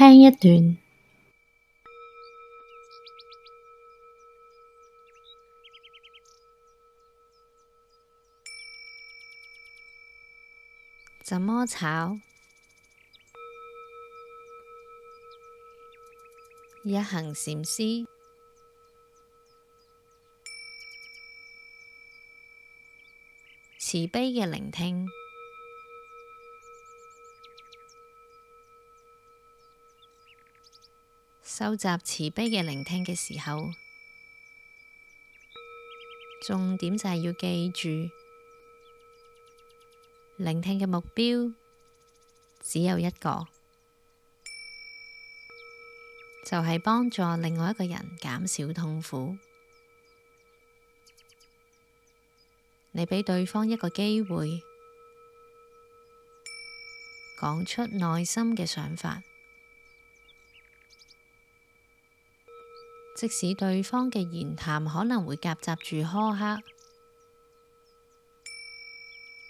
聽一段，怎麼炒？一行禪師慈悲嘅聆聽。收集慈悲嘅聆聽嘅時候，重點就係要記住，聆聽嘅目標只有一個，就係幫助另外一個人減少痛苦。你俾對方一個機會，講出內心嘅想法。即使對方嘅言談可能會夾雜住苛刻、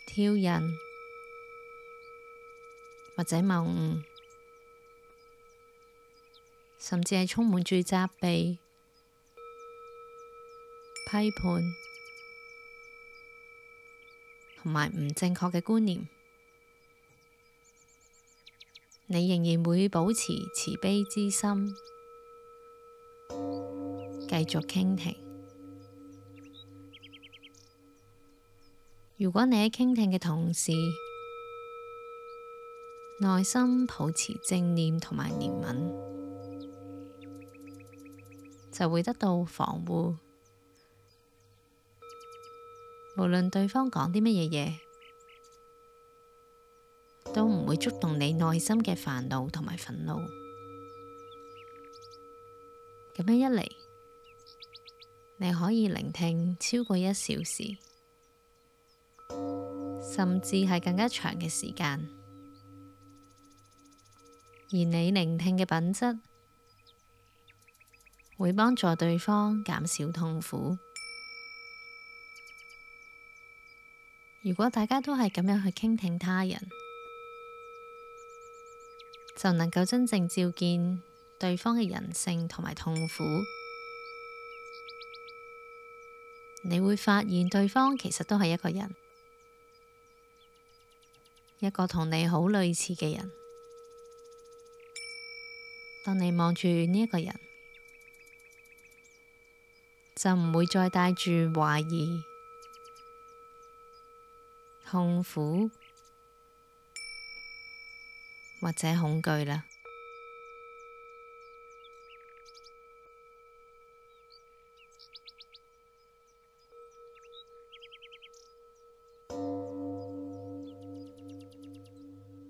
挑釁或者謬誤，甚至係充滿住責備、批判同埋唔正確嘅觀念，你仍然會保持慈悲之心。繼續傾聽。如果你喺傾聽嘅同時，內心保持正念同埋憐憫，就會得到防護。無論對方講啲乜嘢嘢，都唔會觸動你內心嘅煩惱同埋憤怒。咁樣一嚟。你可以聆聽超過一小時，甚至係更加長嘅時間，而你聆聽嘅品質會幫助對方減少痛苦。如果大家都係咁樣去傾聽他人，就能夠真正照見對方嘅人性同埋痛苦。你會發現對方其實都係一個人，一個同你好類似嘅人。當你望住呢一個人，就唔會再帶住懷疑、痛苦或者恐懼啦。